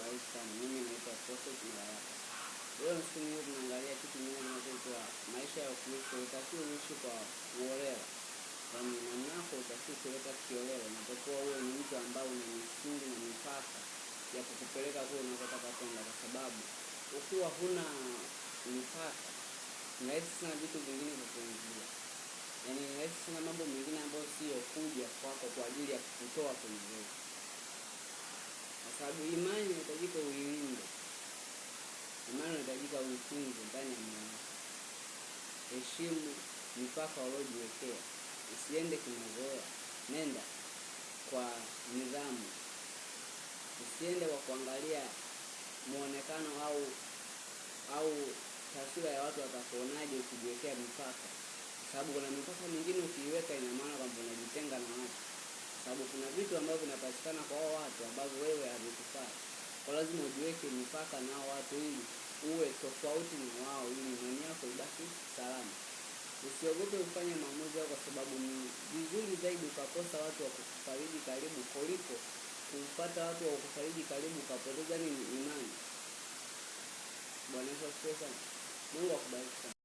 habari sana. Mimi naitwa Prophet Malaka. Leo siku hiyo tunaangalia kitu kimoja kinachoitwa maisha ya Ukristo. Utakiwa uishi kwa uolewa, kwani imani yako utakiwa kuleta kiolewa, unapokuwa wewe ni mtu ambaye una misingi na mipaka ya kukupeleka kule unakotaka kwenda, kwa sababu ukiwa huna mipaka ni sana vitu vingine kukuingia, yaani ni sana mambo mengine ambayo sio kuja kwako kwa ajili ya kukutoa kwenye wewe kwa sababu imani inahitajika uiwinde, imani inahitajika uitunze ndani ya moyo. Heshimu mipaka waliojiwekea, usiende kimazoea, nenda kwa nidhamu, usiende kwa kuangalia muonekano au au taswira ya watu watakuonaje ukijiwekea mipaka, kwa sababu kuna mipaka mingine ukiiweka, ina maana kwamba unajitenga na watu, kwa sababu kuna vitu ambavyo vinapatikana kwa hao watu ambavyo wewe kwa lazima ujiweke mipaka na watu ili uwe tofauti na wao, ili imani yako ibaki salama. Usiogope kufanya maamuzi yao, kwa sababu ni vizuri zaidi ukakosa watu wa kukufariji karibu kuliko kupata watu wa kukufariji karibu ukapoteza nini? Imani. Bwana Yesu asifiwe sana. Mungu akubariki sana.